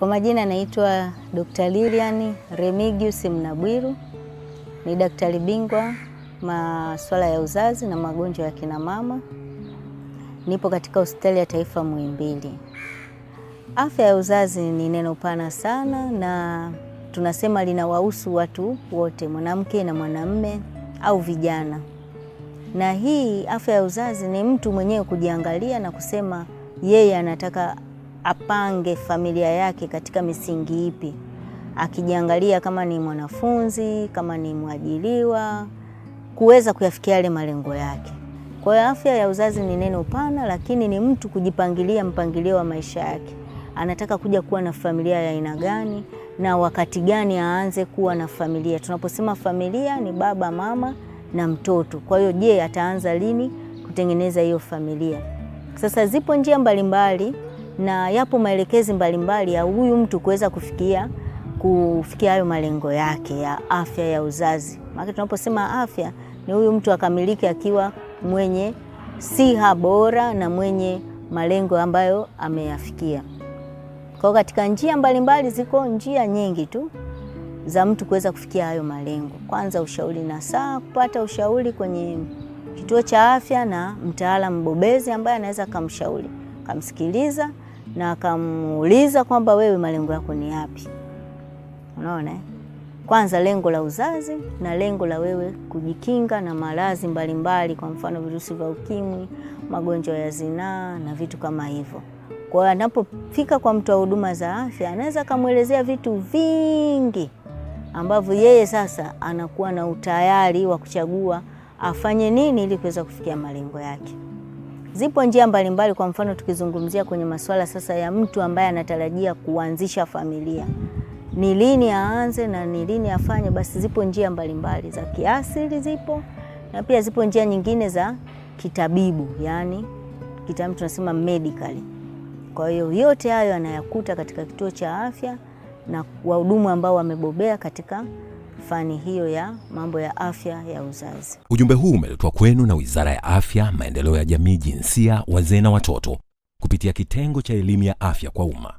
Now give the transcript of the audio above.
Kwa majina naitwa Dr. Lilian Remigius Mnabwiru, ni daktari bingwa masuala ya uzazi na magonjwa ya kina mama. Nipo katika hospitali ya taifa Muhimbili. Afya ya uzazi ni neno pana sana, na tunasema linawahusu watu wote, mwanamke na mwanamme au vijana. Na hii afya ya uzazi ni mtu mwenyewe kujiangalia na kusema yeye anataka apange familia yake katika misingi ipi, akijiangalia kama ni mwanafunzi, kama ni mwajiliwa, kuweza kuyafikia yale malengo yake. Kwa hiyo afya ya uzazi ni neno pana, lakini ni mtu kujipangilia mpangilio wa maisha yake. Anataka kuja kuwa na familia ya aina gani na wakati gani aanze kuwa na familia. Tunaposema familia ni baba, mama na mtoto. Kwa hiyo, je, ataanza lini kutengeneza hiyo familia? Sasa zipo njia mbalimbali mbali, na yapo maelekezi mbalimbali ya huyu mtu kuweza kufikia kufikia hayo malengo yake ya afya ya uzazi. Maana tunaposema afya ni huyu mtu akamiliki akiwa mwenye siha bora na mwenye malengo ambayo ameyafikia. Kwa katika njia mbalimbali mbali, ziko njia nyingi tu za mtu kuweza kufikia hayo malengo. Kwanza ushauri na saa kupata ushauri kwenye kituo cha afya na mtaalamu mbobezi ambaye anaweza akamshauri, kamsikiliza na akamuuliza kwamba wewe malengo yako ni yapi? Unaona, eh? kwanza lengo la uzazi na lengo la wewe kujikinga na maradhi mbalimbali, kwa mfano virusi vya ukimwi, magonjwa ya zinaa na vitu kama hivyo. Kwa hiyo anapofika kwa mtu wa huduma za afya, anaweza akamwelezea vitu vingi ambavyo yeye sasa anakuwa na utayari wa kuchagua afanye nini ili kuweza kufikia malengo yake. Zipo njia mbalimbali mbali, kwa mfano tukizungumzia kwenye masuala sasa ya mtu ambaye anatarajia kuanzisha familia, ni lini aanze na ni lini afanye? Basi zipo njia mbalimbali mbali, za kiasili zipo na pia zipo njia nyingine za kitabibu, yani kitabibu tunasema medical. Kwa hiyo yote hayo anayakuta katika kituo cha afya na wahudumu ambao wamebobea katika fani hiyo ya mambo ya afya ya uzazi. Ujumbe huu umeletwa kwenu na Wizara ya Afya, Maendeleo ya Jamii, Jinsia, Wazee na Watoto kupitia kitengo cha elimu ya afya kwa umma.